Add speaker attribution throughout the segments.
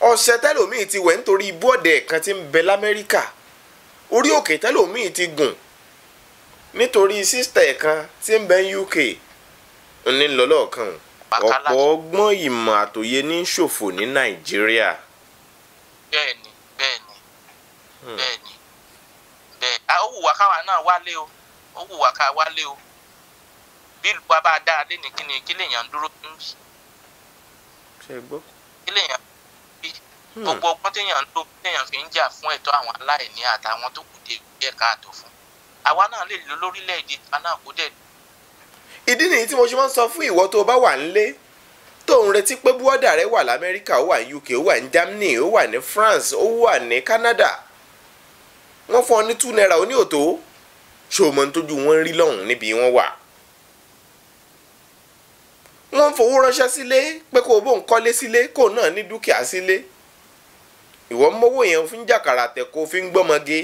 Speaker 1: ọṣẹ tẹlómìn ti wẹ nítorí ibú ọ̀dẹ̀ kan ti ń bẹ lamẹ́ríkà orí òkè tẹlómìn ti gùn nítorí sísítà ẹ̀kan ti ń bẹ UK ní lọ́lọ́ọ̀kan ọ̀pọ̀ ọgbọ́n ìmọ̀ àtòyé ní ṣòfò ní Nàìjíríà.
Speaker 2: bẹẹni bẹẹni hmm. bẹ́ẹ̀ni bẹ́ẹ̀ ó wù náà wálé o ó wù wá wálé o bí ìlú wa bá dáa lé ní kíni kí lèèyàn dúró ń bì. ṣe gbọ́. kí lèèyàn Hmm. gbogbo ọgbọ́n téèyàn ń lò téèyàn fi ń jà fún ẹ̀tọ́ àwọn aláìní àtàwọn tó kù díẹ̀ káàtó fún àwa náà lè lo lórílẹ̀‐èdè ta náà kó dẹ̀.
Speaker 1: ìdí nìyí tí mo ṣe máa ń sọ fún ìwọ tó o bá wà nílé tó ń retí pé búọ́dà rẹ wà lamẹ́ríkà ó wà ní UK ó wà ní Germany ó wà ní France ó wà ní Canada wọ́n fún ọ ní two naira ó òtó ṣé o mọ̀ nítorí wọ́n rí lọ́hùn níbi wọ́n wà wọ́n ń fowó ránṣẹ́ sílé pé kó o bó ń kọ́lé sílé kó o náà ní dúkìá sílé. Si ìwọ mọ́wọ́ yẹn fi ń jàkàrà tẹ̀kọ́ fi ń gbọ́mọge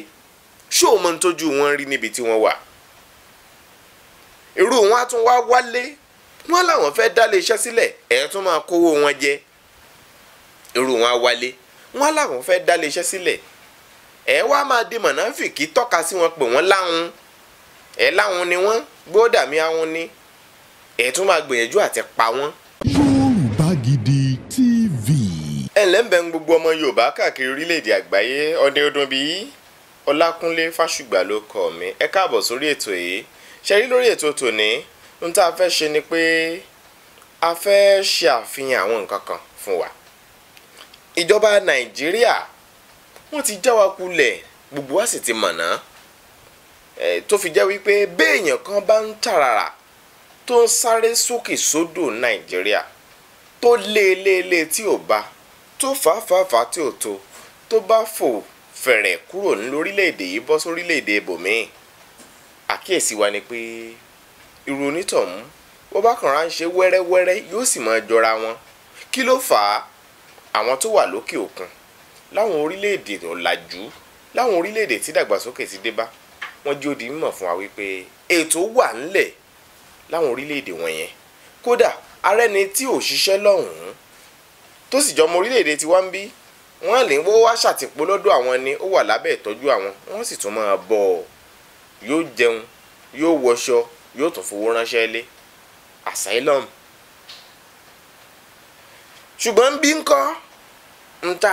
Speaker 1: ṣó o mọ ń tójú wọn rí níbi tí wọ́n wà irú wọn á tún wá wálé wọn làwọn fẹ́ dá iléeṣẹ́ sílẹ̀ ẹ̀ tún máa kówó wọn jẹ irú wọn á wálé wọn làwọn fẹ́ dá iléeṣẹ́ sílẹ̀ ẹ̀ wá máa di mọ̀nàfìkì tọ́ka sí wọn pé wọ́n láwọn ẹ̀ láwọn ni wọ́n gbọ́dọ̀ mi àwọn ni ẹ̀ tún máa gbìyànjú àti pa wọ́n ẹlẹ́mbẹ̀ ń gbogbo ọmọ yorùbá káàkiri orílẹ̀-èdè àgbáyé ọdẹ ọdún bíi ọlákúnlé fásùgbà ló kọ mi ẹ káàbọ̀ sórí ètò yìí ṣẹ́rí lórí ètò tòní ohun tá a fẹ́ ṣe ni pé a fẹ́ ṣe àfihàn àwọn nǹkan kan fún wa ìjọba nàìjíríà wọ́n ti já wa kulẹ̀ gbogbo wa sì ti mọ̀nà tó fi jẹ́ wípé béèyàn kan bá ń tàràrà tó ń sáré sókè sódò nàìjíríà tó léeléelé tí ò bá tó fàáfàá tí ò tó tó bá fò fẹ̀rẹ̀ kúrò lórílẹ̀‐èdè yìí bọ́ sórílẹ̀‐èdè ibòmíì àkíyèsí wa ni pé irú onítọ̀hún wọ́n bá kàn ránṣẹ́ wẹ́rẹ́wẹ́rẹ́ yóò sì máa jọra wọn kí ló fà á àwọn tó wà lókè òkun láwọn orílẹ̀-èdè ọ̀làjú láwọn orílẹ̀-èdè tí dàgbàsókè ti dé bá wọ́n jí di mímọ̀ fún wa wípé ètò wà ńlẹ̀ láwọn orílẹ̀-èdè wọ̀nyẹn kódà arẹ́ni tí ò ṣiṣẹ́ lọ́hùn-ún tó sì jọmọ orílẹ̀-èdè tiwa ń bí wọ́n lè wọ́n wá ṣàtìpó lọ́dọ̀ àwọn ni ó wà lábẹ́ ìtọ́jú àwọn wọ́n sì tún máa bọ̀ ọ́ yóò jẹun yóò wọṣọ yóò tún fowó ránṣẹ́ lé asylum ṣùgbọ́n bí ń kọ́ ń tá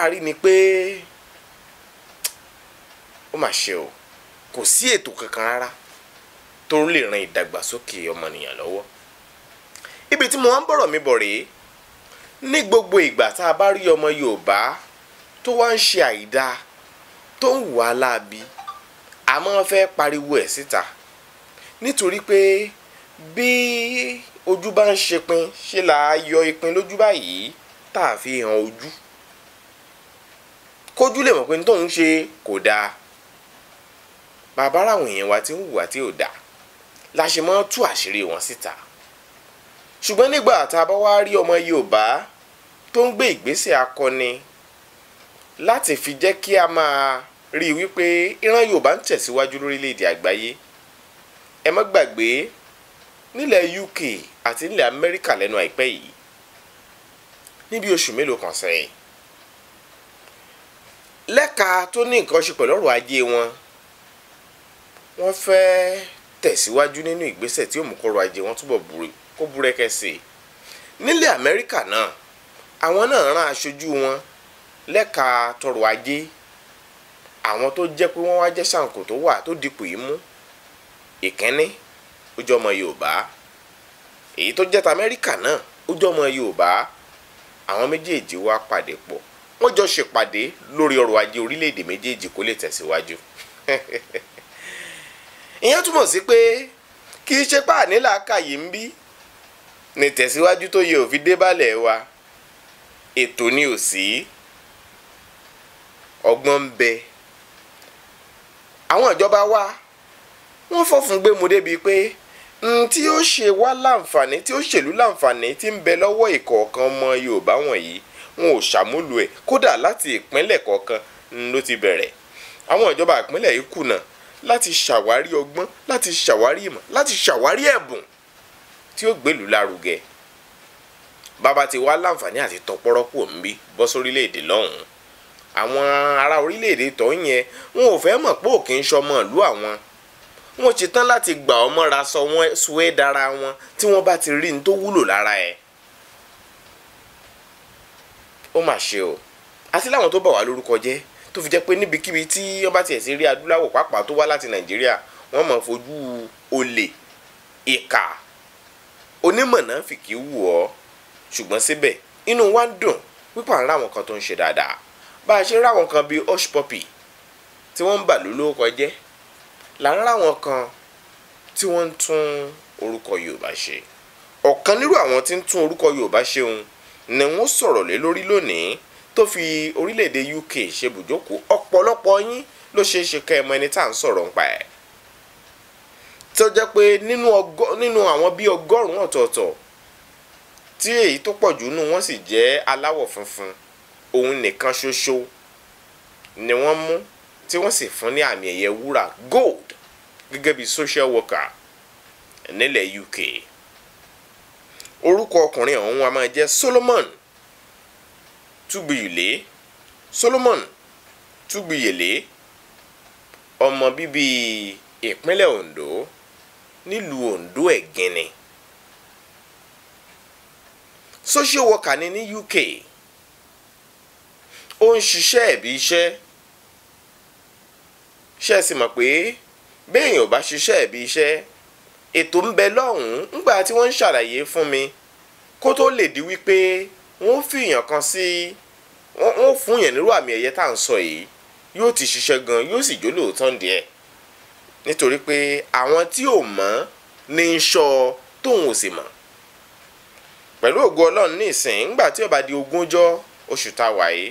Speaker 1: o kò sí ètò kankan rárá tó lè ran ìdàgbàsókè ọmọnìyàn ibi tí mo ń bọ̀rọ̀ mi bọ̀ ní gbogbo ìgbà tá a bá rí ọmọ Yorùbá tó wá ń ṣe àìdá tó ń wà láabi a máa fẹ́ pariwo ẹ̀ síta nítorí pé bí ojú bá ń ṣepin ṣe là á yọ ìpín lójú báyìí tá a fi hàn ojú kójú lè mọ̀ pé ní tóun ṣe kò dáa bàbá ráwọn èèyàn wa ti ń hùwà tí ò la ṣe máa tú àṣírí wọn síta ṣùgbọ́n nígbà tá a bá wá rí ọmọ Yorùbá tó ń gbé ìgbésẹ̀ akọni láti fi jẹ́ kí a máa rí i wípé ìran Yorùbá ń tẹ̀síwájú lórílẹ̀‐èdè àgbáyé ẹ má gbàgbé nílẹ̀ UK àti nílẹ̀ Amẹ́ríkà lẹ́nu àìpẹ́ yìí níbi oṣù mélòó kan sẹ́yìn lẹ́ka tó ní nǹkan ṣe pẹ̀lú ọ̀rọ̀ ajé wọn wọ́n fẹ́ tẹ̀síwájú nínú ìgbésẹ̀ tí ó mú kọ́rọ̀ ajé wọn túbọ̀ kó búrẹ́kẹ́ sí i nílẹ̀ Amẹ́ríkà náà àwọn náà rán aṣojú wọn lẹ́ka tọrọ̀ ajé àwọn tó jẹ́ pé wọ́n wá jẹ́ ṣàǹkó tó wà tó dipò yìí mú ìkíní ó jọ ọmọ Yorùbá èyí tó jẹ́ t'Amẹ́ríkà náà ó jọ ọmọ Yorùbá àwọn méjèèjì wá pàdé pọ̀ wọ́n jọ ṣèpàdé lórí ọrọ̀ ajé orílẹ̀-èdè méjèèjì kó lè tẹ̀síwájú ìyẹn túmọ̀ sí pé kì í ṣe pàánì làákàyè ń bí ní tẹ̀síwájú tó yẹ òfin dé wa ètò ni ò sí ọgbọ́n ń bẹ àwọn ìjọba wa wọ́n fọ́fun gbé mu débi pé n tí ó ṣe wá láǹfààní tí ó ṣèlú láǹfààní tí ń bẹ lọ́wọ́ ìkọ̀ọ̀kan ọmọ Yorùbá wọ̀nyí wọn ò ṣàmúlò ẹ̀ kódà láti ìpínlẹ̀ kọ̀ọ̀kan ló ti bẹ̀rẹ̀ àwọn ìjọba ìpínlẹ̀ yìí kùnà láti ṣàwárí ọgbọ́n láti ṣàwárí ìmọ̀ láti ṣàwárí ẹ̀bùn tí ó gbèlú lárugẹ bàbá ti wá láǹfààní àti tọpọ́rọ́ kù ń bí bọ́ sórílẹ̀-èdè lọ́hùn-ún àwọn ará orílẹ̀-èdè tó ń yẹn wọn ò fẹ́ mọ̀ pé òkè ń sọmọ ìlú àwọn wọn ti tán láti gbà ọ mọ́ra sọ wọ́n sué dára wọn tí wọ́n bá ti rí ní tó wúlò lára ẹ̀. ó mà ṣe o àti láwọn tó bà wá lórúkọ jẹ́ tó fi jẹ́ pé níbikíbi tí wọ́n bá tiẹ̀ sí rí adúláwọ̀ pàápàá tó wá láti nàìjíríà wọ́n máa fojú olè ìkà onímọ̀nà fìkì wù ọ́ ṣùgbọ́n síbẹ̀ inú wa ń dùn pípa ń ráwọn kan tó ń ṣe dáadáa bá a ṣe ráwọn kan bíi hush puppy tí wọ́n ń bà lólókọ jẹ́ là ń ráwọn kan tí wọ́n ń tún orúkọ Yorùbá ṣe ọ̀kan nírú àwọn tí ń tún orúkọ Yorùbá ṣe òun ni wọ́n sọ̀rọ̀ lé lórí lónìí tó fi orílẹ̀-èdè UK ṣe bùjókòó ọ̀pọ̀lọpọ̀ yín ló ṣeé ṣe kẹ́ ẹ mọ ẹni tá à ń sọ̀rọ̀ nípa ẹ̀ tó jẹ́ pé nínú àwọn bíi ọgọ́rùn-ún ọ̀tọ̀ọ̀tọ̀ tí èyí tó pọ̀ jù nù wọ́n sì jẹ́ aláwọ̀ funfun òun nìkan ṣoṣo ni wọ́n mú tí wọ́n sì fún ní àmì ẹ̀yẹ wúrà gold gẹ́gẹ́ bí social worker nílẹ̀ UK orúkọ ọkùnrin ọ̀hún a máa jẹ́ Solomon Túgbìyèlé Solomon Túgbìyèlé ọmọ bíbí ìpínlẹ̀ Ondo nílùú Ondo ẹ̀gẹ́ni. E social worker ni ní UK ó ń ṣiṣẹ́ ẹ̀bí iṣẹ́ ṣe sì mọ̀ pé béèyàn ò bá ṣiṣẹ́ ẹ̀bí iṣẹ́ ètò ń bẹ lọ́hùn-ún ńgbà tí wọ́n ń ṣàlàyé fún mi kó tó lè di wípé wọ́n fìyàn kan sí wọ́n fún yàn nírú àmì ẹ̀yẹ tá à ń sọ yìí yóò ti ṣiṣẹ́ gan yóò sì jó lóòótọ́ díẹ̀ nítorí pé àwọn tí ò mọ̀ ní í ṣọ́ tóun ò sì mọ̀ pẹ̀lú ògo ọlọ́run ní ìsìn ńgbà tí ó bá di ogúnjọ́ oṣù tá a wà yìí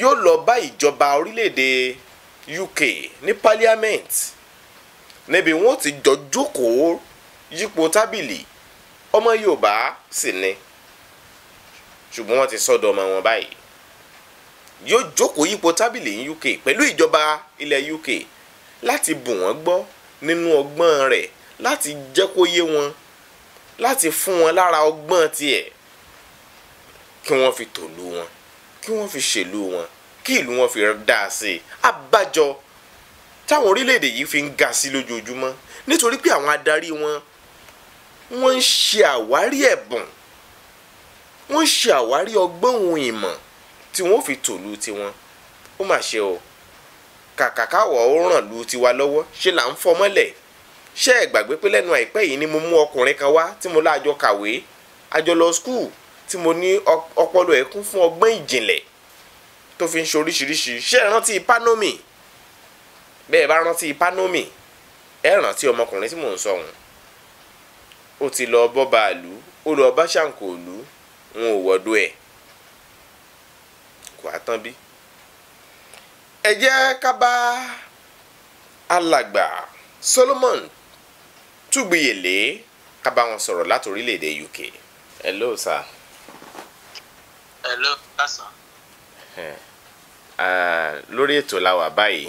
Speaker 1: yóò lọ bá ìjọba orílẹ̀-èdè UK ní parliament níbi wọn ti jọ jókòó yípo tábìlì ọmọ Yorùbá sì ni ṣùgbọ́n wọ́n ti sọ́dọ̀ ọmọ wọn báyìí yóò jókòó yípo tábìlì ní UK pẹ̀lú ìjọba ilẹ̀ UK láti bù wọ́n gbọ́ nínú ọgbọ́n rẹ̀ láti jẹ́ kó yé wọn láti fún wọn lára ọgbọ́n tiẹ̀ kí wọ́n fi tòlú wọn kí wọ́n fi ṣèlú wọn kí ìlú wọn fi dá a sí i àbájọ táwọn orílẹ̀-èdè yìí fi ń ga sí lójoojúmọ́ nítorí pé àwọn adarí wọn wọ́n ń ṣe àwárí ẹ̀bùn wọ́n ń ṣe àwárí ọgbọ́n ohun ìmọ̀ tí wọ́n fi tòlú tiwọn ó mà ṣe o kàkàkàwọ̀ ó ràn lu tiwa lọ́wọ́ ṣe là ń fọmọ́lẹ̀ ṣé ẹ gbàgbé pé lẹ́nu àìpẹ́ yìí ni mo mú ọkùnrin kan wá tí mo láàjọ kàwé àjọ lọ skul tí mo ní ọpọlọ ẹ̀ kún fún ọgbọ́n ìjìnlẹ̀ tó fi ń ṣe oríṣiríṣi ṣé ẹ panomi bẹ́ẹ̀ bá rántí panomi ẹ rántí ọmọkùnrin tí mò ń sọ ọ̀hún ó ti lọ bọ́ba àlú ó lọ bá ṣàǹkó òlú ò wọ́dọ̀ ẹ̀ kò á tán bí. ẹ jẹ́ ká bá alàgbà Solomon Túgbìyèlé ká bá wọn sọ̀rọ̀ láti orílẹ̀-èdè UK. hello sir. hello kásán. lórí ètò la wà báyìí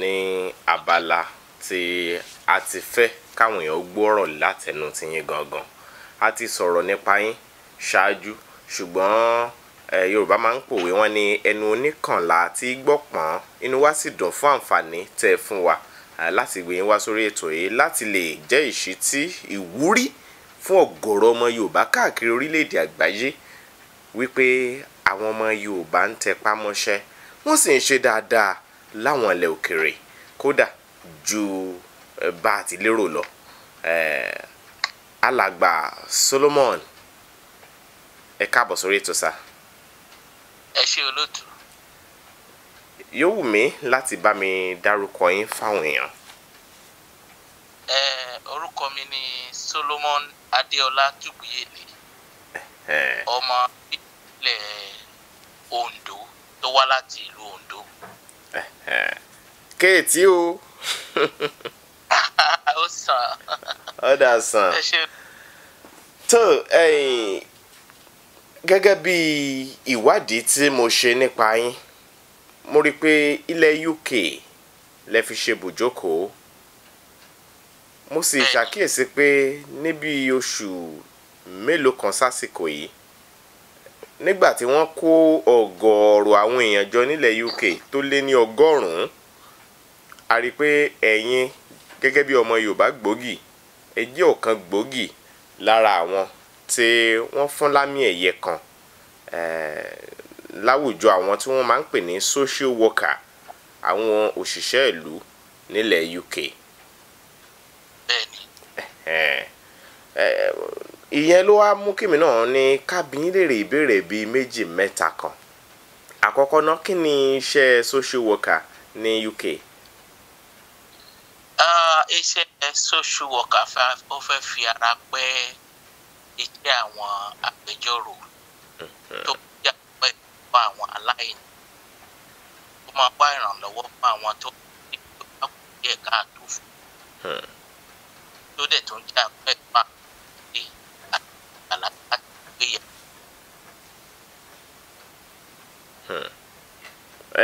Speaker 1: ní abala tí a ti fẹ́ káwọn èèyàn gbọ́rọ̀ látẹnu tiyín gangan a ti sọ̀rọ̀ nípa yín ṣáájú ṣùgbọ́n yorùbá máa ń pòwe wọn ní ẹnu oníkànlá tí gbọ̀pọ̀n inú wa sì dùn fún àǹfààní tẹ́ fún wa láti gbé yín wá sórí ètò yìí láti lè jẹ́ ìṣítí ìwúrí fún ọ̀gọ̀rọ̀ ọmọ Yorùbá káàkiri orílẹ̀-èdè àgbáyé wípé àwọn ọmọ Yorùbá ń tẹpá mọ́ṣẹ́ wọ́n sì ń ṣe dáadáa láwọn ilẹ̀ òkèrè kódà ju bá a ti lérò lọ alàgbà Solomon ẹ káàbọ̀ sórí ètò sá.
Speaker 2: ẹ ṣé olóòtú
Speaker 1: yóò wù mí láti bá mi dárúkọ yín fáwọn èèyàn. ẹ orúkọ mi ni Solomon Adéọlá Tùgbìyèlé ọmọ
Speaker 2: ìpínlẹ̀ Ondo tó wá láti ìlú Ondo.
Speaker 1: kéètì o. ó sàn. ó dà sàn. tó gẹ́gẹ́ bí ìwádìí tí mo ṣe nípa yín mo rí i pé ilẹ̀ UK lẹ fi ṣe bùjókòó mo sì ṣàkíyèsí pé níbi oṣù mélòó kan sásìkò yìí nígbà tí wọ́n kó ọ̀gọ̀ọ̀rọ̀ àwọn èèyàn jọ nílẹ̀ UK tó lé ní ọgọ́rùn-ún a rí i pé ẹ̀yin gẹ́gẹ́ bí ọmọ Yorùbá gbòógì ẹ ọ̀kan gbòógì lára àwọn tí wọ́n fún lámì ẹ̀yẹ kan láwùjọ àwọn tí wọ́n máa ń pè ní social worker àwọn òṣìṣẹ́ ìlú nílẹ̀ UK. ìyẹn ló wá mú kí mi náà ní kábíyín lè rè ìbéèrè bíi méjì mẹ́ta kan àkọ́kọ́ náà kí ni iṣẹ́ social worker ní UK.
Speaker 2: iṣẹ́ social worker ó fẹ́ fi ara pẹ́ iṣẹ́ àwọn agbẹjọ́rò tó fún àwọn aláìní ó máa wá ìrànlọ́wọ́ fún àwọn tó ní ìjọba kò káàtó fún hmm. tó dẹ̀ tó ń jẹ́ àpẹ́ pa ní àgbàlagbà gbé yẹ.
Speaker 1: Hmm.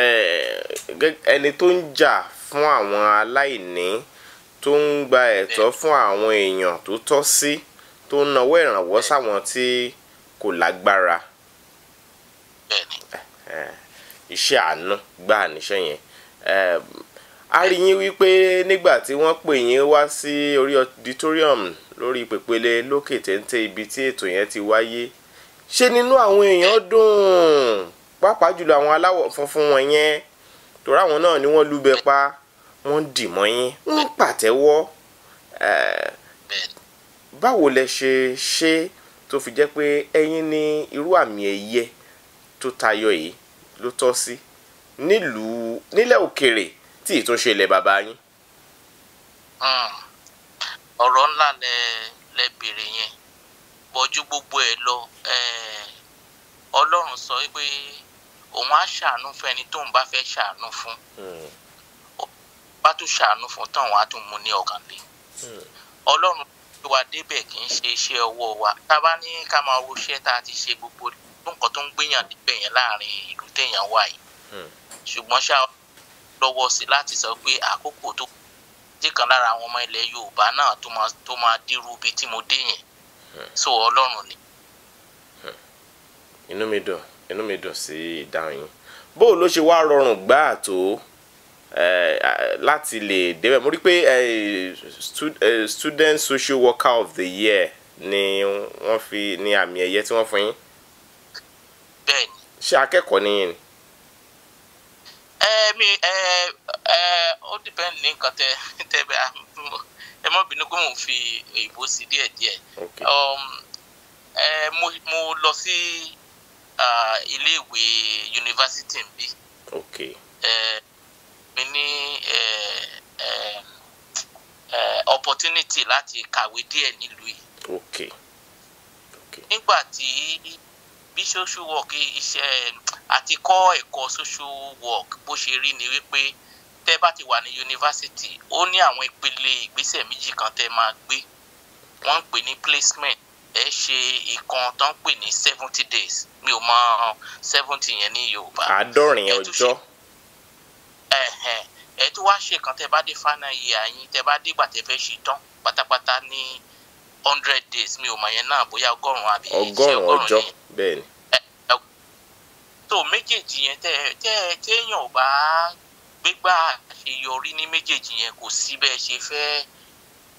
Speaker 1: Eh, ẹni tó ń jà fún àwọn aláìní tó ń gba ẹ̀tọ́ fún àwọn èèyàn tó tọ́ sí tó ń nawọ́ ìrànwọ́ sáwọn tí kò lágbára. Hmm bẹ́ẹ̀ni. iṣẹ́ àánú gbà níṣẹ́ yẹn a rí yín wípé nígbà tí wọ́n pè yín wá sí orí auditorium lórí pèpele lókè téńté ibi tí ètò yẹn ti wáyé ṣé nínú àwọn èèyàn dùn pàápàá jùlọ àwọn aláwọ̀ funfun wọn yẹn torí àwọn náà ni wọ́n lùbẹ̀ pa wọ́n dì mọ́ yín ń pàtẹ́wọ́ báwo lẹ ṣe ṣe tó fi jẹ́ pé ẹ̀yin ní irú àmì ẹ̀yẹ tó tayọ yìí ló tọ́ sí nílùú nílẹ̀ òkèrè tí ì tún ṣe ilẹ̀ bàbá yín.
Speaker 2: Hmm. ọ̀rọ̀ ńlá lẹ lẹ bèrè yẹn bọ́jú gbogbo ẹ̀ lọ eh, ọlọ́run sọ pé òun á ṣàánú fún ẹni tóun bá fẹ́ ṣàánú fún hmm. bá tún ṣàánú fún tán wọn á tún mú ní ọkàn lé hmm. ọlọ́run wa débẹ̀ kì í ṣe iṣẹ́ ọwọ́ wa tá a bá ní ká máa wo iṣẹ́ tá a ti ṣe gbogbo gbọ́ nǹkan tó ń gbéyàn níbẹ̀ yẹn láàrin ìlú téèyàn wà yìí hmm. ṣùgbọ́n ṣá lọ́wọ́ sí láti sọ pé àkókò tó dé kan lára àwọn ọmọ ilẹ̀ Yorùbá náà tó máa dírú ibi tí mo dé yẹn hmm. so Ọlọ́run ni.
Speaker 1: Hmm. inú mi dùn inú mi dùn sí ìdáhùn yín bó ló ṣe wá rọrùn gbáà tó láti lè débẹ̀ mo rí pé student social worker of the year ni wọ́n fi ní àmì ẹ̀yẹ tí wọ́n fún yín bẹ́ẹ̀ ni. ṣé akẹ́kọ̀ọ́ nìyẹn ni. ẹ mi ẹ ẹ ó dìbẹ́ǹdì
Speaker 2: ní nǹkan tẹ tẹ bẹ ẹ mọ bínú kó mò ń fi òyìnbó sí díẹ̀díẹ̀ um, mo lọ sí iléèwé yunifásitì ń bí mi ní opportunity láti kàwé díẹ̀ nílùú
Speaker 1: yìí
Speaker 2: nígbà tí bí social work iṣẹ́ àti kọ́ ẹ̀kọ́ social work bó ṣe rí ni wípé tẹ́ bá ti wà ní yunifásitì ó ní àwọn ìpele ìgbésẹ̀ méjì kan tẹ́ máa gbé wọ́n ń pè ní placement ẹ ṣe ìkan tó ń pè ní seventy days mi ò mọ seventy yẹn ní
Speaker 1: yorùbá. àádọ́rin ọjọ́.
Speaker 2: ẹ tún wá ṣe kan tẹ́ bá dé final year yín tẹ́ bá dé gbà tẹ́ ṣe tán pátápátá ní. Ni hundred
Speaker 1: days mi ò mọ yẹn náà bóyá ọgọ́rùn-ún àbí ọgọ́rùn-ún ọjọ́ bẹ́ẹ̀ ni. tó méjèèjì yẹn tẹ
Speaker 2: tẹ téèyàn ò bá gbégbá àṣeyọrí ní méjèèjì yẹn kò sí bẹ́ẹ̀ ṣe fẹ́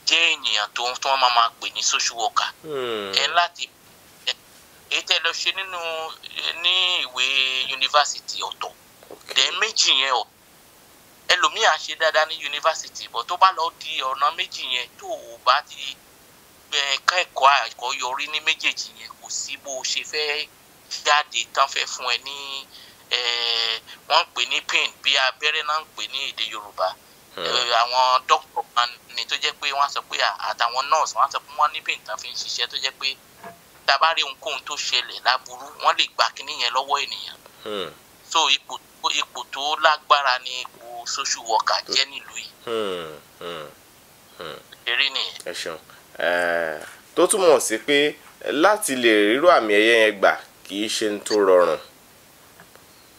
Speaker 2: jẹ́ ènìyàn tó tí wọ́n máa máa pè ní social worker hmm. ẹ láti èyí tẹ lọ ṣe nínú ní ìwé yunifásitì ọ̀tọ̀ tẹ méjì yẹn ọ̀tọ̀ ẹlòmíì ṣe dáadáa ní yunifásitì bọ̀ tó bá lọ di ọ̀nà méjì yẹn tó o bá ti ẹ̀ka ẹ̀kọ́ àkọ́yọrí ní méjèèjì yẹn kò sí bó o ṣe fẹ́ jáde tán fẹ́ fún ẹ ní wọ́n ń pè ní pin bí abẹ́rẹ́ náà ń pè ní èdè Yorùbá hmm. àwọn dókítà kan ni tó jẹ́ pé wọ́n sọ pé àtàwọn nọ́ọ̀sì wọ́n sọ pé wọ́n ní pin tán fi ń ṣiṣẹ́ tó jẹ́ pé tabari ohunkóhun tó ṣẹlẹ̀ láburú wọ́n lè gba kíní yẹn lọ́wọ́ ènìyàn hmm. so ipò ipò tó lágbára ni ipò social worker
Speaker 1: jẹ́ nílùú yìí. eré hmm. ẹ ṣeun tó túmọ̀ sí pé láti lè ríró àmì ẹ̀yẹ yẹn gbà kì í ṣe ń tó rọrùn.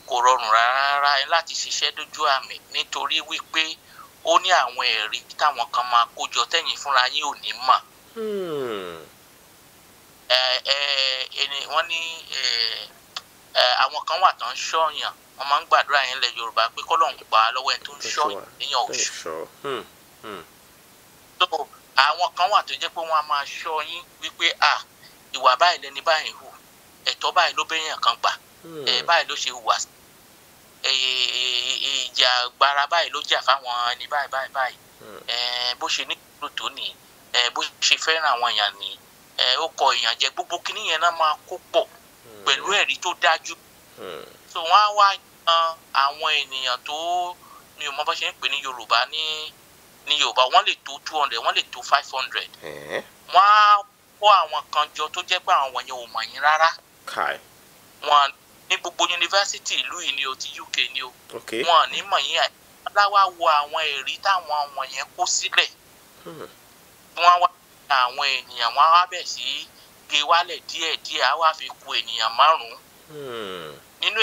Speaker 2: kò rọrùn rárá láti ṣiṣẹ́ dójú àmì nítorí wípé ó ní àwọn ẹ̀rí táwọn kan máa kó jọ tẹ̀yìn fúnra yín ò ní mọ̀.
Speaker 1: Hmm.
Speaker 2: wọ́n ní àwọn kan wà tó ń ṣọ́yàn wọ́n máa ń gbàdúrà yẹn lẹ Yorùbá pé kọ́lọ́hún gbà á lọ́wọ́ ẹni tó ń ṣọ́yàn èèyàn ò ṣọ́ àwọn kan wà tó jẹ́ pé wọ́n á máa ṣọ́ yín wípé à ìwà báyìí lẹni báyìí hù ẹ̀tọ́ báyìí ló bẹ́yàn kan gbà hmm. ẹ̀ báyìí ló ṣe hùwà ìjà gbara báyìí ló jà fáwọn ẹni báyìí báyìí báyìí hmm. bó ṣe nílò tó nìyí bó ṣe fẹ́ràn àwọn èèyàn nìyí ó kọ èèyàn jẹ gbogbo kíní yẹn náà máa kó pọ̀ hmm. pẹ̀lú ẹ̀rí tó dájú wọ́n á wá àwọn ènìyàn tó mi ò mọ bá ṣe ń pè ní Yorùbá ní ní yorùbá wọ́n lè tó two hundred wọ́n lè tó five hundred wọ́n á kó àwọn kan jọ tó jẹ́ pé àwọn yẹn ò mọ̀ yín rárá wọ́n ní gbogbo yunifásitì ìlú yìí ni o ti uk ni o wọ́n ní mọ̀ yín aláwa wo àwọn ẹ̀rí táwọn àwọn kó sílẹ̀ hmm. wọ́n wá àwọn ènìyàn wọ́n wá bẹ̀ sí gé wálẹ̀ díẹ̀díẹ̀ á wá fi ku ènìyàn márùn-ún hmm. nínú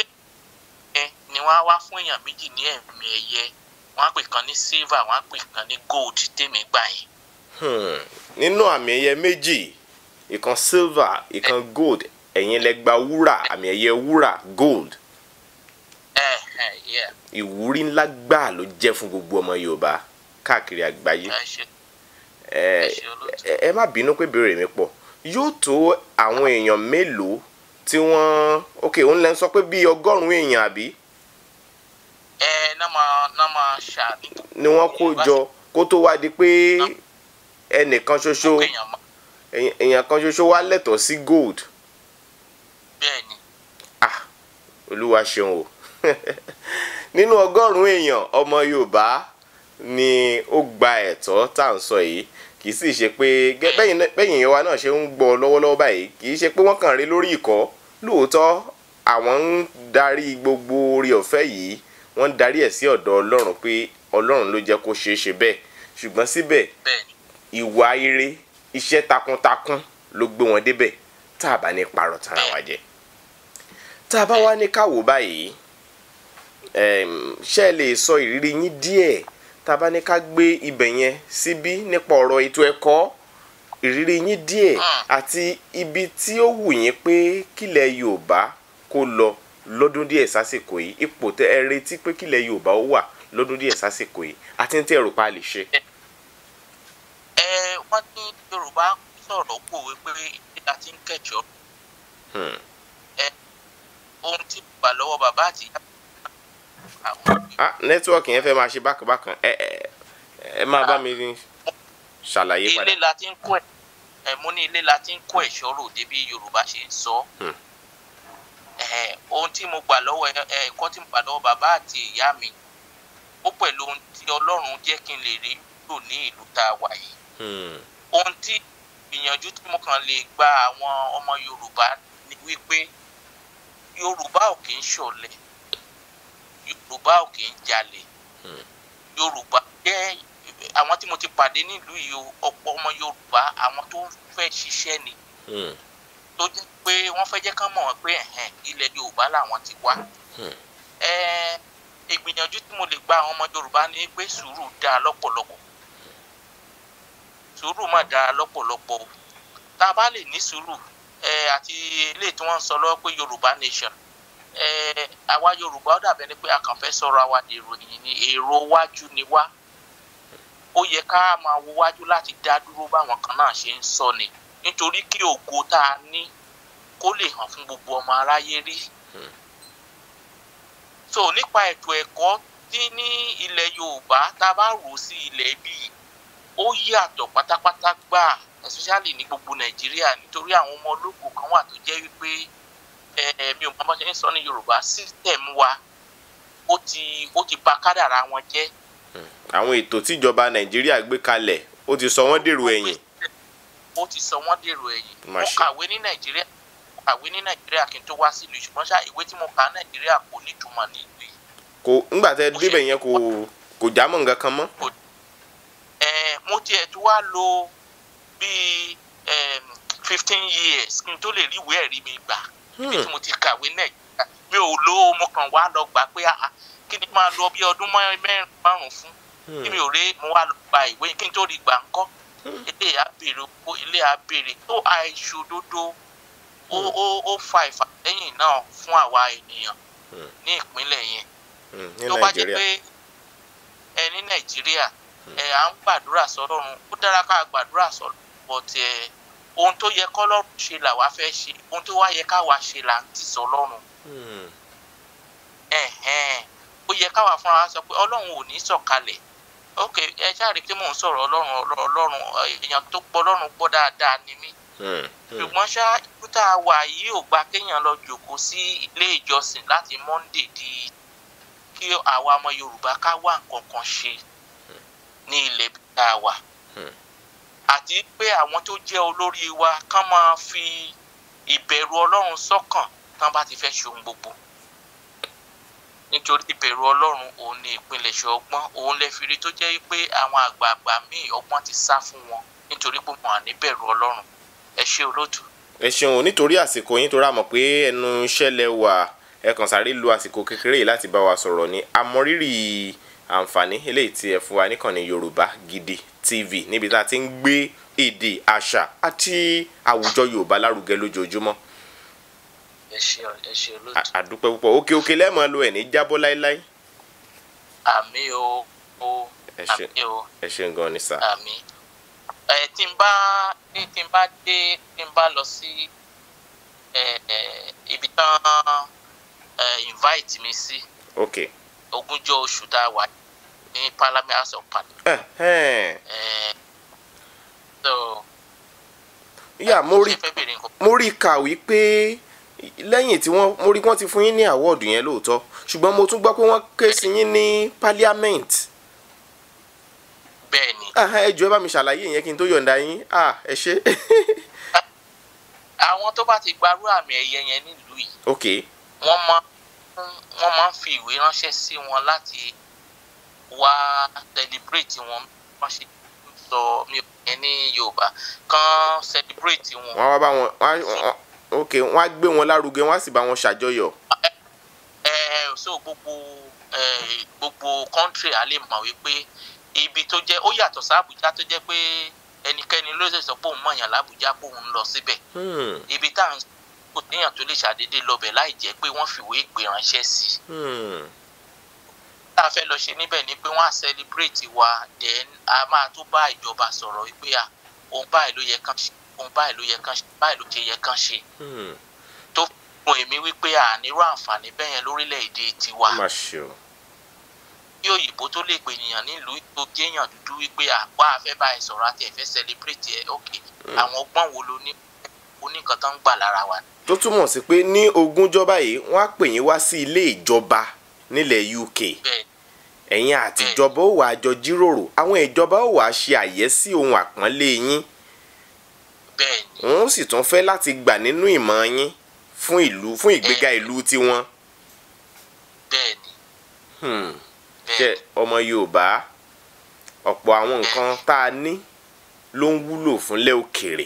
Speaker 2: ènìyàn ni wọ́n á wá fún èèyàn méjì ní ẹ̀mí ẹ̀yẹ wọ́n á pè kan ní silver wọ́n á pè kan ní gold tèmi gbà yìí.
Speaker 1: Hmm. nínú àmì ẹ̀yẹ méjì ìkan silver ìkan gold ẹ̀yin lẹ gba wúrà àmì ẹ̀yẹ wúrà gold. ìwúrí ńlá gbáà ló jẹ́ fún gbogbo ọmọ yorùbá káàkiri àgbáyé ẹ má bínú pé béèrè mi pọ̀ yóò tó àwọn èèyàn mélòó tí wọ́n ok òun lẹ́ ń sọ pé bíi ọgọ́rùn-ún èèyàn àbí
Speaker 2: ẹ náà máa náà máa ṣàbí.
Speaker 1: ni wọ́n kó jọ kó tó wá di pé ẹnìkan ṣoṣo èèyàn kan ṣoṣo wá lẹ́tọ̀ọ́ sí gold. bẹ́ẹ̀ni. ah olúwa ṣeun o nínú ọgọ́rùn-ún èèyàn ọmọ yorùbá ni ó gba ẹ̀tọ́ tá à ń sọ yìí kì í sì ṣe pé bẹ́yìn ìyẹn wa náà ṣe ń gbọ́ lọ́wọ́lọ́wọ́ báyìí kì í ṣe pé wọ́n kàn rí lórí ìkọ́ lóòótọ́ àwọn ń darí gbogbo orí ọ̀fẹ́ yìí wọ́n darí ẹ̀ sí ọ̀dọ̀ ọlọ́run pé ọlọ́run ló jẹ́ kó ṣeé ṣe bẹ́ẹ̀ ṣùgbọ́n síbẹ̀ ìwà ire iṣẹ́ takuntakun ló gbé wọn débẹ̀ tá a bá ní parọ́ tara wa jẹ tá a bá wá ní káwọ́ báyìí ṣe lè sọ ìrírí yín díẹ̀ tá a bá ní ká gbé ibẹ̀ yẹn síbí nípa ọ̀rọ̀ ètò ẹ̀kọ́ ìrírí yín díẹ̀ hmm. àti ibi tí ó wù yín pé kílẹ̀ Yorùbá kó lọ lọ́dún díẹ̀ sásìkò yìí ipò tẹ ẹ retí pé kílẹ̀ Yorùbá ó wà lọ́dún díẹ̀ sásìkò yìí àti ní tí ẹ̀rù pa lè ṣe. ẹ wọ́n ní Yorùbá sọ̀rọ̀ kò wé pé ìdílé àti ń kẹ̀jọ́. Hmm. ẹ ohun tí bàbá lọ́wọ́ bàbá àti ìyá. ah nẹ́tíwọ́ọ̀kì yẹn fẹ́ máa ṣe bákanbákan ẹ ẹ ẹ máa bá mi ah, ṣàlàyé padà. ilé la ti ń kó ẹ̀ mo ní ilé la ti ń kó ẹ̀ṣọ́ rò débi Yorùbá ṣe ń sọ. Hmm.
Speaker 2: Eh, ohun tí mo gbà lọ́wọ́ ẹ̀kọ́ eh, tí mo gbà lọ́wọ́ bàbá àti ìyá mi ó pẹ̀lú ohun tí ọlọ́run jẹ́ kí n lè rí lò ní ìlú tá a wà yìí. Hmm. ohun tí ìyànjú tí mo kàn lè gba àwọn ọmọ yorùbá ni wípé yorùbá ò kì í ṣọ̀lẹ yorùbá ò kì í jalè hmm. yorùbá jẹ́ àwọn tí mo ti pàdé nílùú yìí ọ̀pọ̀ ọmọ yorùbá àwọn tó fẹ́ ṣiṣẹ́ ni. Hmm tó jẹ́ pé wọ́n fẹ́ jẹ́ kán mọ̀ pé ẹ̀hẹ̀n ilẹ̀ Yorùbá làwọn ti wá hmm. ìgbìyànjú tí mo lè gba àwọn ọmọ Yorùbá ni pé sùúrù dá lọ́pọ̀lọpọ̀ sùúrù má dá lọ́pọ̀lọpọ̀ tá a bá lè ní sùúrù àti ilé tí wọ́n ń sọ lọ́wọ́ pé Yorùbá nation àwa Yorùbá ó dàbẹ̀ ni pé a kàn fẹ́ sọ̀rọ̀ àwa dèrò yìí ni èrò wájú ni wá ó yẹ ká máa wo wájú láti dá dúró báwọn kan náà ṣe ń sọ ni. Hmm nítorí kí ògo tá a ní kó lè hàn fún gbogbo ọmọ aráyé rí. Hmm. so nípa ètò ẹ̀kọ́ tí ní ilẹ̀ Yorùbá tá a bá rò sí ilẹ̀ bíi ó yàtọ̀ pátápátá gbà especially ní gbogbo Nàìjíríà nítorí àwọn ọmọ ológun kan wà tó jẹ́ wípé ẹ̀ẹ̀mí eh, ò máa bá ṣe ń sọ ní Yorùbá system wa ó ti ó ti bà kádàrá wọn jẹ́.
Speaker 1: Hmm. àwọn ètò tíjọba Nàìjíríà gbé kalẹ̀ ó ti sọ wọ́n dèrò ẹ̀yìn
Speaker 2: ó ti sọ wọ́n dèrò ẹ̀yìn mo kàwé ní nàìjíríà mo kàwé ní nàìjíríà kí n tó wá sílùú ṣùgbọ́n ṣá ìwé tí mo kà nàìjíríà kò nítumọ̀ ní ìlú yìí.
Speaker 1: kò ńgbà tẹ débẹ̀ yẹn kò kò já mọ́ nǹkan kan mọ́.
Speaker 2: mo tiẹ̀ tó wá lò bíi fifteen years kí n tó lè rí ìwé ẹ̀rí mi gbà ibi hmm. tí mo ti kàwé nàìjíríà mi ò lo mo kàn wá lọ gbà pé kí ni máa lọ bí ọdún mẹ́rin márùn-ún fún hmm. kí mi ò rí mo wá lọ gba ìwé kí n tó rí gbà ńkọ́ ilé abèrè owó ilé abèrè tó àìṣòdodo ó hmm. ó ó fa ìfàsẹ́yìn náà fún àwa ènìyàn
Speaker 1: hmm. ní ìpínlẹ̀ yẹn hmm. tó bá jẹ́ pé
Speaker 2: ẹ ní nàìjíríà ẹ à ń gbàdúrà sọ́lọ́run ó dára ká gbàdúrà sọ́lọ́run but ẹ ohun tó yẹ kọ́lọ́run ṣe là wá fẹ́ ṣe ohun tó wá yẹ káwa ṣe là ń tì sọ́lọ́run ó yẹ káwa fúnra wa sọ pé ọlọ́run ò ní sọ̀kalẹ̀. So ok ẹ ṣáàrí pé mò ń sọ̀rọ̀ ọlọ́run ọlọ́run èèyàn tó pọ̀ ọlọ́run gbọ́ dáadáa ni mí hmm, hmm. ṣùgbọ́n ṣá ikú tá a wà yìí ò gba kéèyàn lọ jókòó sí ilé ìjọsìn láti monday di kí àwa ọmọ yorùbá ká wá nǹkan kan ṣe ní ilẹ̀ bí tá a wà hmm. àti pé àwọn tó jẹ́ olórí wa kán máa fi ìbẹ̀rù ọlọ́run sọ́kàn tán bá ti fẹ́ ṣe ohun gbogbo nítorí ìbẹ̀rù ọlọ́run òun ni ìpilẹ̀ṣẹ̀ ọgbọ́n òun lè fi rí tó jẹ́ pé àwọn àgbààgbà míì ọgbọ́n ti sá fún wọn nítorí pé wọn à ní bẹ̀rù ọlọ́run
Speaker 1: ẹ ṣé olóòtú. ẹ ṣeun nítorí àsìkò yín tó rà mọ̀ pé ẹnu iṣẹ́ lẹ wà ẹ kàn sáré lu àsìkò kékeré yìí láti bá wa sọ̀rọ̀ ni àmọ́rírì àǹfààní eléyìí tí ẹ fún wa níkànnì Yorùbá Gidi TV níbi tá a ti ń gbé èdè àṣà àti àwùjọ Yorùbá lárugẹ lójoojúmọ́ ẹ ṣe ẹ ṣe olóòtú. àdúpẹ́ púpọ̀ òkè òkè lẹ́ẹ̀mọ́ lo ẹ̀ ní jábọ́ láéláé. àmì o o àmì o ẹ ṣe nǹkan ni sà. àmì ẹ tí n bá ní tí n bá
Speaker 2: dé tí n bá lọ sí ẹ ẹ ibi tán ẹ invite mi sí. ok. ogúnjọ́ oṣù tá a wà ní parliament
Speaker 1: house of parliament. ẹ ẹ so. yà mo rí mo rí kà wípé lẹ́yìn tí wọ́n mo rí wọ́n ti fún yín ní àwọ́ọ̀dù yẹn lóòótọ́ ṣùgbọ́n mo tún gbọ́ pé wọ́n ké sí yín ní parliament. bẹ́ẹ̀ni. ẹ jọ̀ọ́ ẹ bá mi ṣàlàyé yẹn kí n tó yọ̀ǹda yín ẹ ṣe.
Speaker 2: àwọn tó bá ti gbarú àmì ẹ̀yẹ yẹn nílùú yìí. ok. wọ́n máa wọ́n máa ń fi ìwé ránṣẹ́ sí wọn láti wá celebrate wọn wọ́n ṣe sọ mi ò ní Yorùbá kan celebrate wọn. wọ́n
Speaker 1: wá bá wọn ok wọn á gbé wọn lárugẹ wọn á sì bá wọn ṣàjọyọ̀.
Speaker 2: ẹ ẹ so gbogbo ẹ gbogbo kọ́ńtírì a lè mọ̀ wípé ibi tó jẹ́ ó yàtọ̀ sí Àbújá tó jẹ́ pé ẹnikẹ́ni ló ṣe sọ pé òun mọ̀yàn l'Àbújá pé òun lọ síbẹ̀ hmm. ibi tá à ń kò téèyàn tó lè ṣàdédé
Speaker 1: lọbẹ̀ láì jẹ́ pé wọ́n fìwé ìpè ránṣẹ́ sí hmm. tá a fẹ́
Speaker 2: lọ ṣe níbẹ̀ ni pé wọ́n á celebrate wa then a máa tó bá ìjọba sọ̀rọ̀ pé à òun báyìí ló yẹ kán ṣe nǹkan báyìí ló yẹ kán ṣe báyìí ló ṣe yẹ kán ṣe. Hmm. tó fún èmi wípé àníró àǹfààní bẹ́ẹ̀ yẹn lórílẹ̀‐èdè tiwa. bí òyìnbó tó lè pè ènìyàn nílùú tó géèyàn dúdú wípé àpá afẹ́ báyìí sọ̀rọ̀ àti ẹ̀fẹ́ celebrate ẹ̀ ok hmm. àwọn ọgbọ́n wo ló ní
Speaker 1: oníkan tó ń gbà lára wa. tó túmọ̀ sí pé ní ogúnjọ́ báyìí wọ́n á pè yín wá sí ilé ìjọba nílẹ̀ UK. ẹ̀yin àtijọba ó wàá jọ jíròrò àwọn ìjọba ó wàá ṣe àyẹ́sí ohun àpọ́nlé yín bẹ́ẹ̀ni. wọ́n sì tún fẹ́ láti gbà nínú ìmọ̀ yín fún ìlú fún ìgbéga ìlú tiwọn. bẹ́ẹ̀ni. Hmm. ṣe ọmọ Yorùbá ọ̀pọ̀ àwọn nǹkan tá a ní ló ń wúlò fúnlẹ̀ òkèèrè.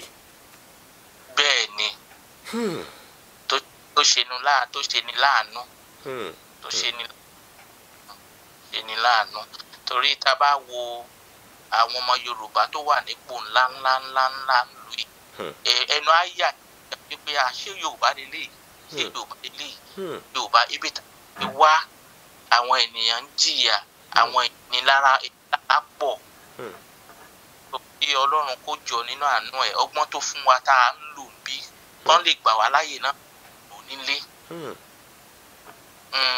Speaker 1: bẹ́ẹ̀ni. Hmm. tó
Speaker 2: ṣeni láàánú
Speaker 1: hmm. tó ṣeni
Speaker 2: láàánú tó ṣeni láàánú torí tá a bá wo àwọn ọmọ Yorùbá tó wà nípò ńlá ńlá ńlá ńlá lóyè Hmm. ẹnu ayé àti pé a ṣé yorùbá lélẹ̀ ṣé hmm. yorùbá lélẹ̀ hmm. yorùbá ibi tá a wá àwọn ènìyàn ń jìyà àwọn ìnilára ìnilára pọ̀ bí ọlọ́run kó jọ nínú àánú ẹ̀ ọgbọ́n tó fún wa tá a ń lò ń bí kán lè gbà wá láàyè náà lò nílé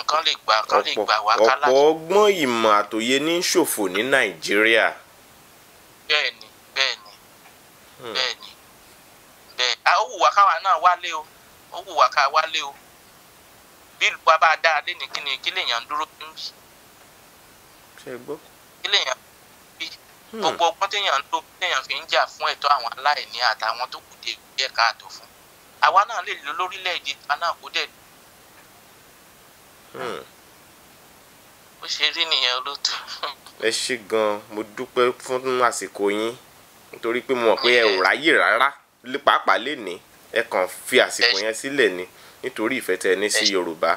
Speaker 2: kán lè gbà
Speaker 1: kán lè gbà wá kálá. ọ̀pọ̀ ọgbọ́n ìmọ̀ àtòyé ní ṣòfò ní nàìjíríà.
Speaker 2: bẹ́ẹ̀ni bẹ́ẹ̀ni bẹ́ẹ̀ni ó wù wá káwa náà wálé o ó wù wá ká wálé o bí ìlú wa bá dáa lé ní kíni kí lèèyàn dúró ń bì kí lèèyàn
Speaker 1: bí hmm. gbogbo
Speaker 2: ọgbọ́n téèyàn ń lò téèyàn fi ń jà fún ẹ̀tọ́ àwọn aláìní àtàwọn tó kù dé ìgbé ẹ̀ka àtò fún àwa náà lè lò lórílẹ̀‐èdè ta náà kó dẹ̀ hmm. ó ṣe rí nìyẹn olóòtú.
Speaker 1: ẹ ṣé gan mo dúpẹ́ fún àsìkò yín nítorí pé mo mọ̀ pé ẹ ò ráyè rárá pàápàá lẹ́ni ẹ kàn fi àsìkò yẹn sílẹ̀ ni nítorí ìfẹ́ tẹ ní sí yorùbá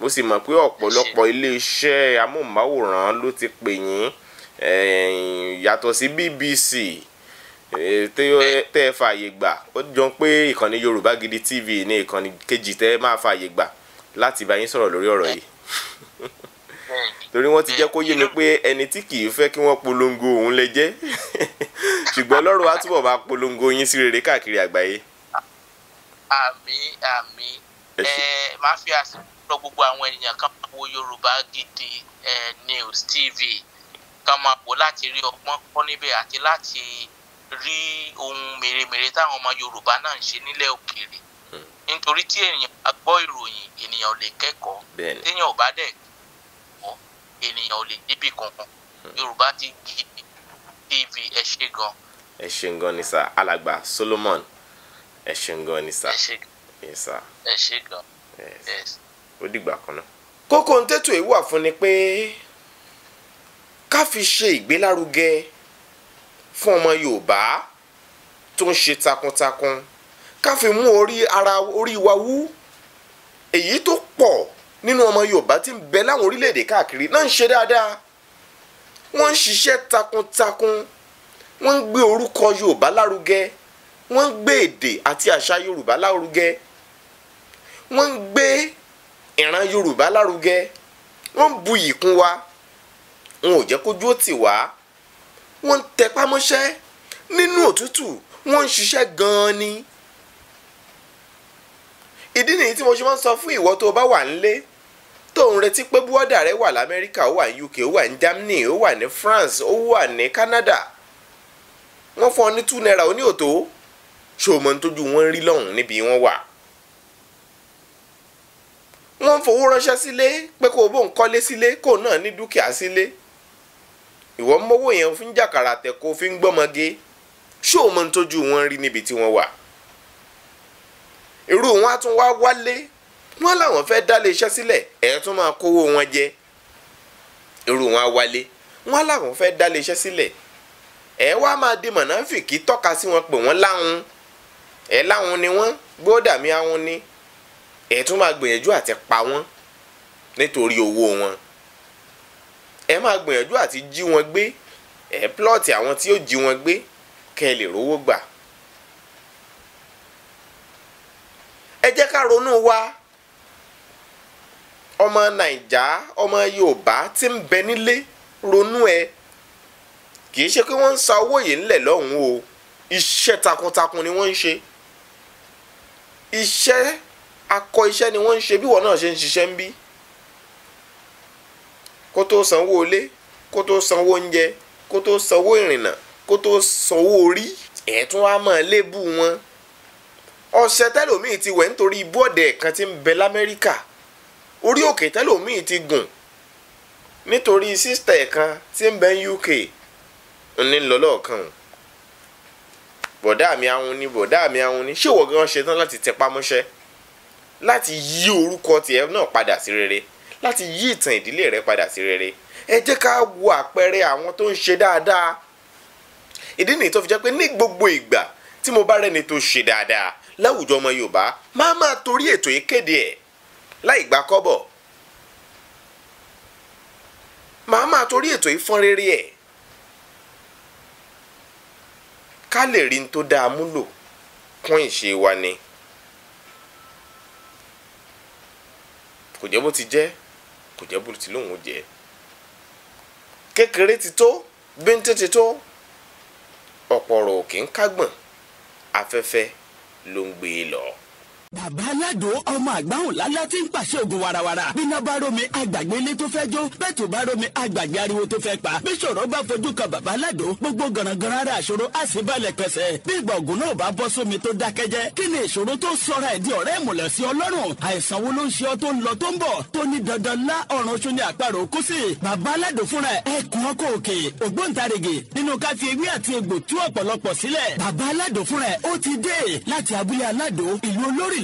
Speaker 1: mo sì mọ̀ pé ọ̀pọ̀lọpọ̀ iléeṣẹ́ amóhùnmáwòrán ló ti pè yín yàtọ̀ sí BBC tẹ́ ẹ fààyè gbà ó jọ pé ìkànnì yorùbá gidi TV ní ìkànnì kejì tẹ́ ẹ máa fààyè gbà láti bá yín sọ̀rọ̀ lórí ọ̀rọ̀ yìí. bẹ́ẹ̀ni torí wọ́n ti jẹ́ kó yé mi pé ẹni tí kì í fẹ́ kí wọ́n polongo òun lè jẹ́ ṣùgbọ́n Ọlọ́run á túbọ̀ máa polongo yín sí rere káàkiri àgbáyé.
Speaker 2: àmín àmín ẹ máa fi àsìkò gbogbo àwọn ènìyàn kan máa wo Yorùbá Gidi News TV kan máa wò láti rí ọgbọ́n kọ́ níbẹ̀ àti láti rí ohun mèremère táwọn ọmọ Yorùbá náà ń ṣe nílẹ̀ òkèèrè hmm. nítorí tí ènìyàn bá gbọ́ ìròyìn ènìyàn ò lè kẹ́kọ̀ọ́ téèyàn ò bá dẹ̀ ènìyàn ò lè débì kankan hmm. yorùbá ti gé tv ẹ ṣe gan.
Speaker 1: ẹ ṣe gan ni sá alàgbà solomon ẹ ṣe gan ni sá ẹ ṣe gan ó dìgbà kan náà. kókó ń tètò èyí wà fún ni pé ká fi ṣe ìgbélárugẹ fún ọmọ yorùbá tó ń ṣe takuntakun ká fi mú orí ara orí wa wú èyí tó pọ̀ nínú ọmọ Yorùbá tí ń bẹ láwọn orílẹ̀-èdè káàkiri náà ń ṣe dáadáa wọ́n ń ṣiṣẹ́ takuntakun wọ́n ń gbé orúkọ Yorùbá lárugẹ wọ́n ń gbé èdè àti àṣà Yorùbá lárugẹ wọ́n ń gbé ìran Yorùbá lárugẹ wọ́n ń bu iyì kún wa wọn ò jẹ́ kójú ó tì wá wọ́n ń tẹpá mọ́ṣẹ́ nínú òtútù wọ́n ń ṣiṣẹ́ gan-an ni ìdí nìyí tí mo ṣe máa ń sọ fún ìwọ tó o bá wà nílé tó ń retí pé búọ́dà rẹ̀ wà lamẹ́ríkà ó wà ní UK ó wà ní Germany ó wà ní France ó wà ní Canada wọ́n fún ọ ní two naira oní òtó ṣòmọ́ tójú wọn rí lọ́hùn níbi wọ́n wà wọ́n ń fowó ránṣẹ́ sílé pé kó o bó ń kọ́lé sílé kó o náà ní dúkìá sílé ìwọ mọ́wó yẹn fún jàkàrà tẹ̀kọ́ fi ń gbọ́mọge ṣó o mọ rí níbi tí wọ́n wà irú wọn á tún wá wálé wọ́n láwọn fẹ́ dá iléeṣẹ́ sílẹ̀ ẹ̀ tún máa kówó wọn jẹ irú wọn á wálé wọ́n láwọn fẹ́ dá iléeṣẹ́ sílẹ̀ ẹ̀ wá máa di mọ̀nàfìkì tọ́ka sí wọn pé wọ́n láwọn ẹ̀ láwọn ni wọ́n gbọ́dà mi àwọn ni ẹ̀ tún máa gbìyànjú àti pa wọ́n nítorí owó wọn ẹ máa gbìyànjú àti jí wọn gbé ẹ plọ́ọ̀tì àwọn tí ó jí wọn gbé kẹ́ ẹ lè rówó gbà ẹ jẹ́ ká ronú wa ọmọ nàìjà ọmọ yorùbá tí ń bẹ nílé ronú ẹ kì í ṣe pé wọ́n ń sa owó yìí ńlẹ̀ lọ́hùn o iṣẹ́ takuntakun ni wọ́n ń ṣe iṣẹ́ akọ iṣẹ́ ni wọ́n ń ṣe bí wọ́n náà ṣe ń ṣiṣẹ́ ń bí kó tó sanwó ilé kó tó sanwó oúnjẹ kó tó sanwó ìrìnnà kó tó sanwó orí ẹ̀ẹ́tún wa máa léèbù wọn ọ̀sẹ̀ tẹ́lòmíì ti wẹ̀ nítorí bọ́ọ̀dẹ̀ kan tí ń bẹ lamẹ́ríkà orí òkè tẹ́lòmíì ti gùn nítorí sísítà ẹ̀kan tí ń bẹ UK ní lọ́lọ́ọ̀kan o bọ̀dá mi àwọn ni bọ̀dá mi àwọn ni ṣé ìwọ gan ṣe tán láti tẹpá mọ́ṣẹ́ láti yí orúkọ tiẹ̀ náà padà sí rere láti yí ìtàn ìdílé rẹ padà sí rere ẹ jẹ́ ká wo àpẹẹrẹ àwọn tó ń ṣe dáadáa ìdí nìyí tó fi jẹ́ pé ní gbogbo ìgbà tí mo bá rẹ́ni tó ṣe dáadáa láwùjọ ọmọ Yorùbá máa máa torí ètò yìí kéde ẹ̀ láì gbà kọ́bọ̀ màá máa torí ètò yìí fọ́n rere ẹ̀ ká lè rí n tó dáa múlò kún ìṣe wa ni kò jẹ́ bó ti jẹ́ kò jẹ́ bó ti lóun ó jẹ́ kékeré ti tó bíntín ti tó ọ̀pọ̀ ọ̀rọ̀ òkè ń kágbọ̀n afẹ́fẹ́ ló ń gbé e lọ
Speaker 2: bàbá aládò ọmọ àgbáhùn lálá tí ń pàṣẹ ogun warawara bíná bá romi àgbàgbé ilé tó fẹ́ jó bẹ́ẹ̀ tó bá romi àgbàgbé ariwo tó fẹ́ pa bí ṣòro bá fojú kan bàbá aládò gbogbo gànàgànà ara àṣòro á sì balẹ̀ pẹ̀sẹ̀ bí gbọ̀ngùn náà bá bọ́ sómi tó dákẹ́jẹ́ kí ni ìṣòro tó sọra ẹ̀ di ọ̀rẹ́ ìmùlẹ̀ sí ọlọ́run àìsàn wo ló ń ṣe ọ tó ń lọ tó ń bọ̀
Speaker 1: tó ní dandan lá ọ̀run oṣù ní àparò kú sí bàbá aládò fúnra ẹ̀ kún ọkọ̀ òkè ògbóǹtarìgì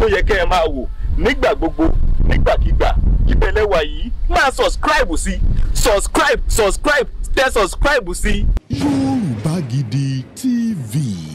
Speaker 1: tó yẹ kẹ́ ẹ máa wò nígbà gbogbo nígbàkigbà ìbẹ̀lẹ̀wà yìí máa subscribe sí subscribe subscribe tẹ subscribe sí. Yorùbá Gidi TV.